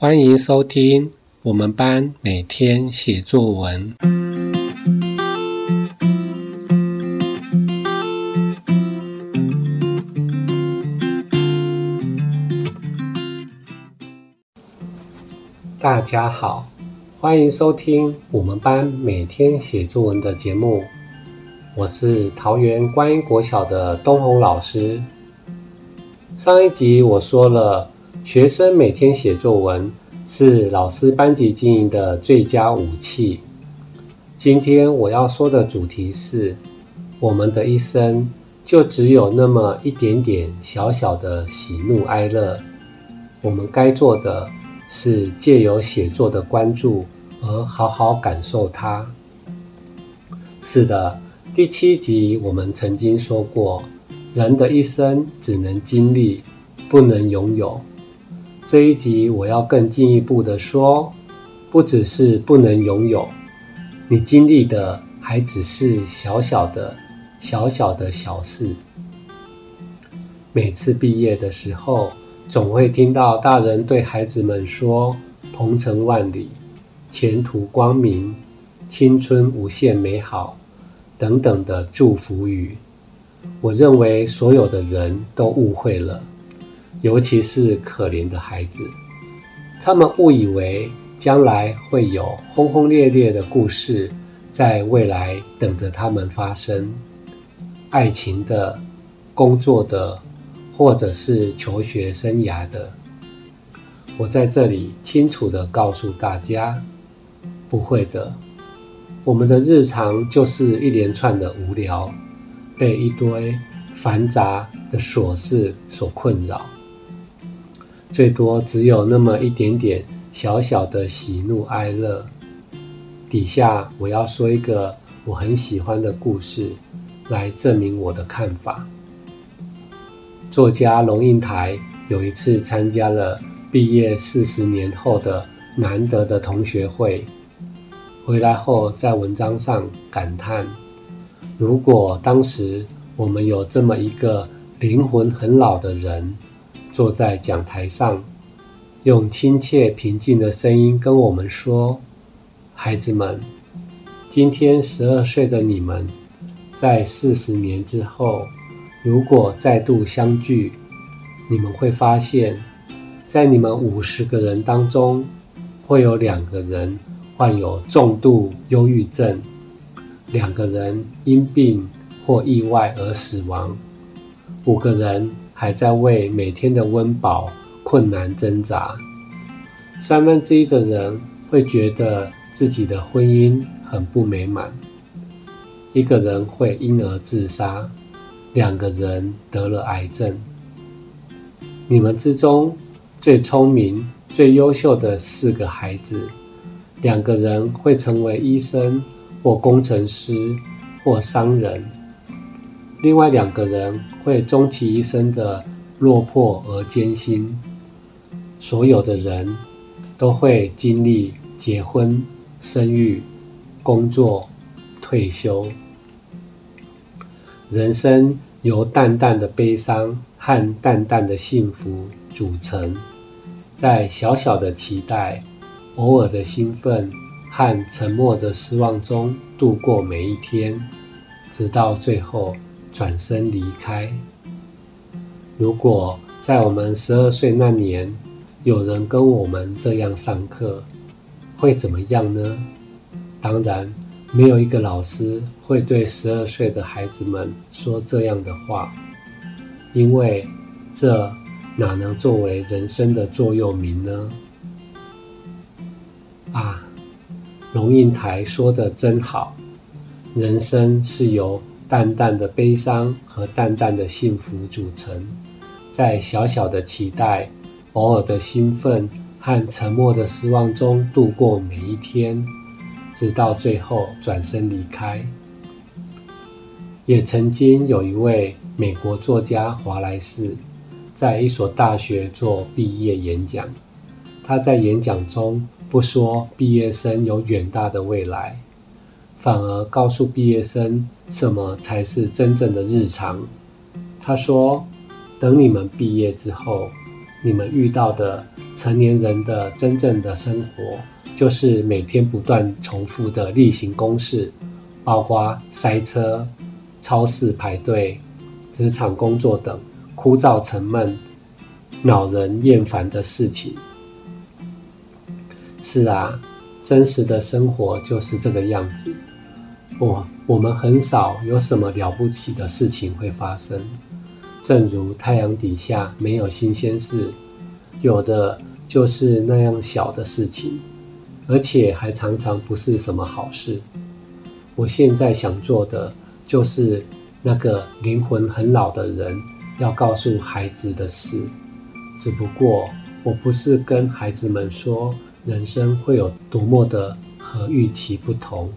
歡迎收聽我們班每天寫作文。大家好，歡迎收聽我們班每天寫作文的節目。我是桃園觀音國小的東紅老師。上一集我說了。學生每天寫作文，是老師班級經營的最佳武器。今天我要說的主題是：我們的一生就只有那麼一點點小小的喜怒哀樂。我們該做的是借由寫作的關注而好好感受它。是的，第七集我們曾經說過，人的一生只能經歷，不能擁有。這一集我要更進一步的說，不只是不能擁有，你經歷的還只是小小的、小小的小事。每次畢業的時候，總會聽到大人對孩子們說“鵬程萬里，前途光明，青春無限美好”等等的祝福語。我認為所有的人都誤會了。尤其是可憐的孩子，他們誤以為將來會有轟轟烈烈的故事在未來等着他們發生，愛情的、工作的，或者是求學生涯的。我在這裡清楚地告訴大家，不會的，我們的日常就是一連串的無聊，被一堆繁雜的瑣事所困擾。最多只有那麼一點點小小的喜怒哀樂。底下我要說一個我很喜歡的故事，來證明我的看法。作家龍應台有一次參加了畢業四十年後的難得的同學會，回來後在文章上感嘆：如果當時我們有這麼一個靈魂很老的人。坐在講台上，用親切平靜的聲音跟我們說：“孩子們，今天十二歲的你們，在四十年之後，如果再度相聚，你們會發現，在你們五十個人當中，會有兩個人患有重度憂鬱症，兩個人因病或意外而死亡，五個人。”還在為每天的溫飽困難掙扎。三分之一的人會覺得自己的婚姻很不美滿。一個人會因而自殺，兩個人得了癌症。你們之中最聰明、最優秀的四個孩子，兩個人會成為醫生或工程師或商人。另外兩個人會終其一生的落魄而艱辛，所有的人都會經歷結婚、生育、工作、退休，人生由淡淡的悲傷和淡淡的幸福組成，在小小的期待、偶爾的興奮和沉默的失望中度過每一天，直到最後。轉身離開。如果在我們十二歲那年，有人跟我們這樣上課，會怎麼樣呢？當然，沒有一個老師會對十二歲的孩子們說這樣的話，因為這哪能作為人生的座右銘呢？啊，龍應台說的真好，人生是由。淡淡的悲傷和淡淡的幸福組成，在小小的期待、偶爾的興奮和沉默的失望中度過每一天，直到最後轉身離開。也曾經有一位美國作家華萊士，在一所大學做畢業演講，他在演講中不說畢業生有遠大的未來。反而告訴畢業生什麼才是真正的日常。他說：“等你們畢業之後，你們遇到的成年人的真正的生活，就是每天不斷重複的例行公事，包括塞車、超市排隊、職場工作等枯燥沉悶、惱人厭煩的事情。”是啊，真實的生活就是這個樣子。不、哦，我們很少有什麼了不起的事情會發生，正如太陽底下沒有新鮮事，有的就是那樣小的事情，而且還常常不是什麼好事。我現在想做的就是那個靈魂很老的人要告訴孩子的事，只不過我不是跟孩子們說人生會有多麼的和預期不同。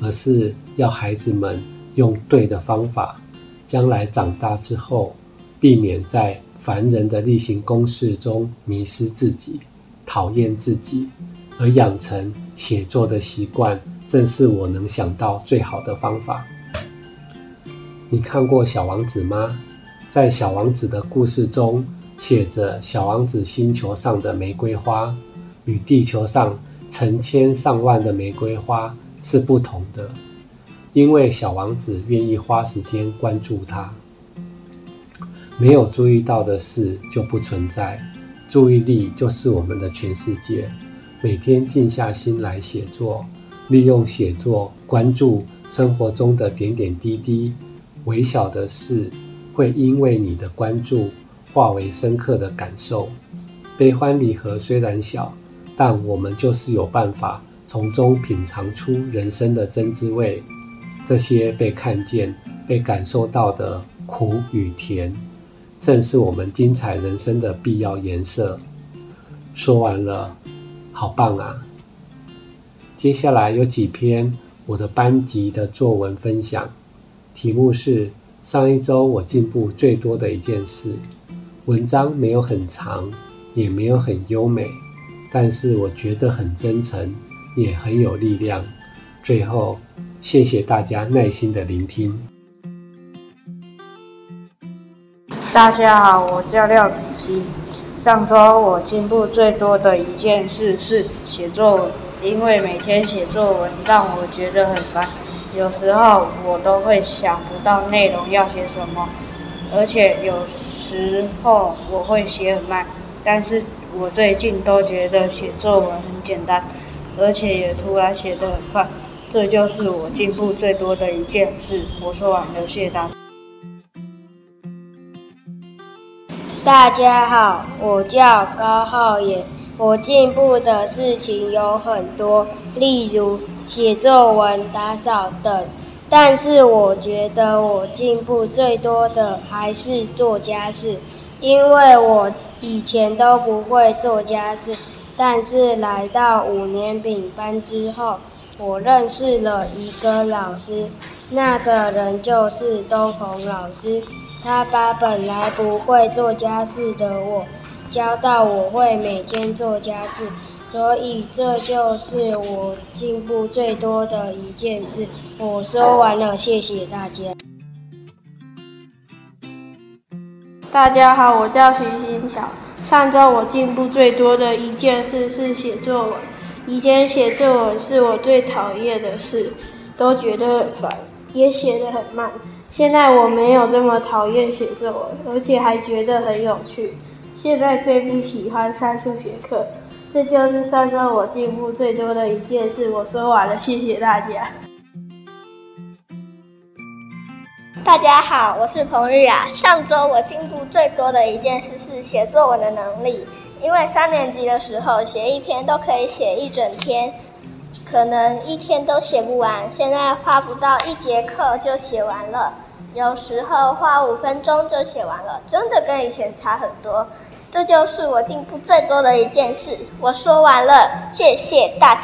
而是要孩子們用對的方法，將來長大之後，避免在煩人的例行公事中迷失自己、討厭自己，而養成寫作的習慣，正是我能想到最好的方法。你看過《小王子》嗎？在《小王子》的故事中，寫着小王子星球上的玫瑰花與地球上成千上萬的玫瑰花。是不同的，因為小王子願意花時間關注它。沒有注意到的事就不存在，注意力就是我們的全世界。每天靜下心來寫作，利用寫作關注生活中的點點滴滴，微小的事會因為你的關注化為深刻的感受。悲歡離合雖然小，但我們就是有辦法。從中品嘗出人生的真滋味，這些被看見、被感受到的苦與甜，正是我們精彩人生的必要顏色。說完了，好棒啊！接下來有幾篇我的班級的作文分享，題目是“上一周我進步最多的一件事”。文章沒有很長，也沒有很優美，但是我覺得很真誠。也很有力量。最後，謝謝大家耐心的聆聽。大家好，我叫廖子琪。上周我進步最多的一件事是寫作文，因為每天寫作文讓我覺得很煩，有時候我都會想不到內容要寫什麼，而且有時候我會寫很慢。但是我最近都覺得寫作文很簡單。而且也突然寫得很快，這就是我進步最多的一件事。我說完了，謝謝大家。大家好，我叫高浩野。我進步的事情有很多，例如寫作文、打掃等。但是我覺得我進步最多的還是做家事，因為我以前都不會做家事。但是來到五年丙班之後，我認識了一個老師，那個人就是東鵬老師。他把本來不會做家事的我，教到我會每天做家事，所以這就是我進步最多的一件事。我說完了，啊、謝謝大家。大家好，我叫徐新橋。上週我進步最多的一件事是寫作文。以前寫作文是我最討厭的事，都覺得很煩，也寫得很慢。現在我沒有這麼討厭寫作文，而且還覺得很有趣。現在最不喜歡上數學課，這就是上週我進步最多的一件事。我說完了，謝謝大家。大家好，我是彭玉啊。上週我進步最多的一件事是寫作文的能力，因為三年級的時候寫一篇都可以寫一整天，可能一天都寫不完，現在花不到一節課就寫完了，有時候花五分鐘就寫完了，真的跟以前差很多。這就是我進步最多的一件事。我說完了，謝謝大家。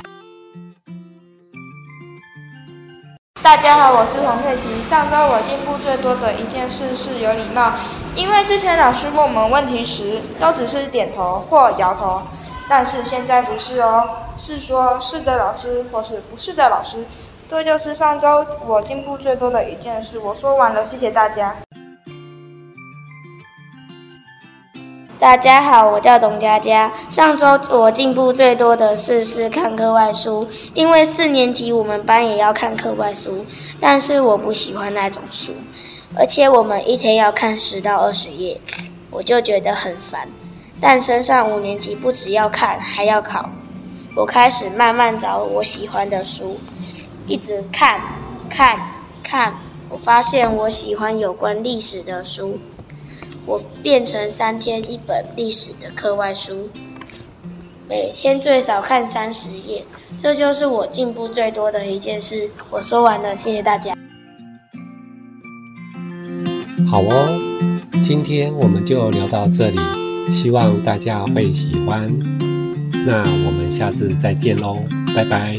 大家好，我是洪佩琪。上週我進步最多的一件事是有禮貌，因為之前老師問我們問題時，都只是點頭或搖頭，但是現在不是哦，是說是的老師或是不是的老師。這就是上週我進步最多的一件事。我說完了，謝謝大家。大家好，我叫董佳佳。上週我進步最多的事是，是看課外書，因為四年級我們班也要看課外書，但是我不喜歡那種書，而且我們一天要看十到二十頁，我就覺得很煩。但升上五年級，不只要看，還要考，我開始慢慢找我喜歡的書，一直看，看，看。我發現我喜歡有關歷史的書。我變成三天一本歷史的課外書，每天最少看三十頁，這就是我進步最多的一件事。我說完了，謝謝大家。好哦，今天我們就聊到這裡，希望大家會喜歡。那我們下次再見嘍，拜拜。